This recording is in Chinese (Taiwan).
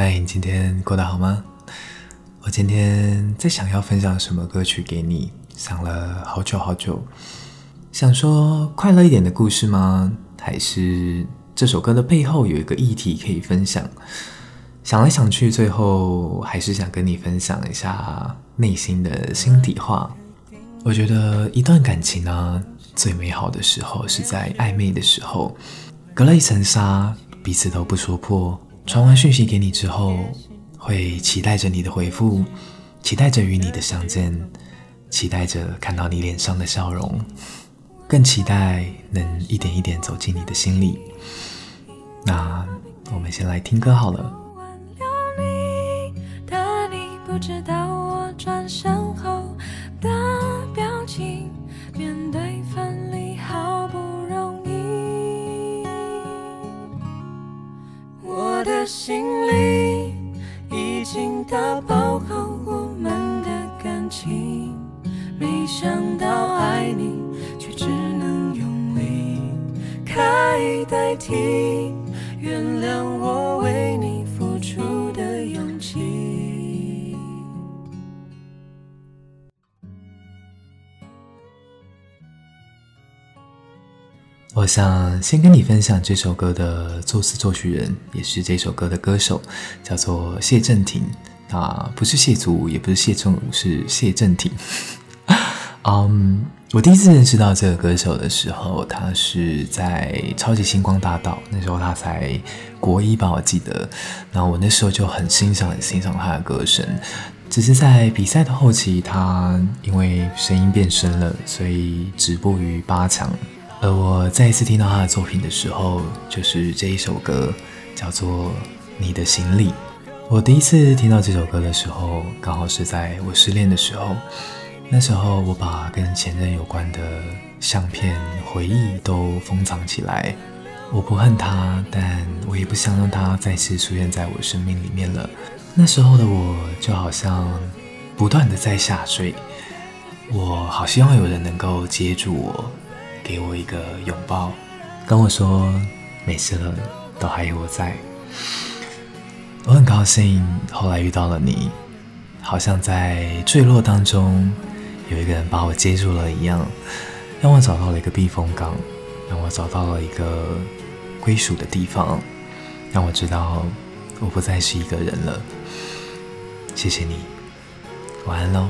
Hi, 你今天過得好嗎？我今天在想要分享什麼歌曲給你，想了好久好久。想說快樂一點的故事嗎？還是這首歌的背後有一個議題可以分享？想來想去，最後還是想跟你分享一下內心的心底話。我覺得一段感情呢、啊，最美好的時候是在曖昧的時候，隔了一層紗，彼此都不說破。傳完訊息給你之後，會期待着你的回復，期待着與你的相見，期待着看到你臉上的笑容，更期待能一點一點走進你的心裡。那我們先來聽歌好了。心裡已經打包好我們的感情，沒想到愛你卻只能用離開代替，原諒我為你。我想先跟你分享這首歌的作詞作曲人，也是這首歌的歌手，叫做謝震廷啊，他不是謝祖，也不是謝震武，是謝震廷。嗯、 um，我第一次認識到這個歌手的時候，他是在《超級星光大道》，那時候他才國一吧，我記得。那我那時候就很欣賞，很欣賞他的歌聲，只是在比賽的後期，他因為聲音變深了，所以止步於八強。而我再一次聽到他的作品的時候，就是這一首歌，叫做《你的行李》。我第一次聽到這首歌的時候，剛好是在我失戀的時候。那時候我把跟前任有關的相片、回憶都封藏起來。我不恨他，但我也不想讓他再次出現在我生命裡面了。那時候的我就好像不斷的在下墜，我好希望有人能夠接住我。給我一個擁抱，跟我說沒事了，都還有我在。我很高興後來遇到了你，好像在墜落當中有一個人把我接住了一樣，讓我找到了一個避風港，讓我找到了一個歸屬的地方，讓我知道我不再是一個人了。謝謝你，晚安嘍。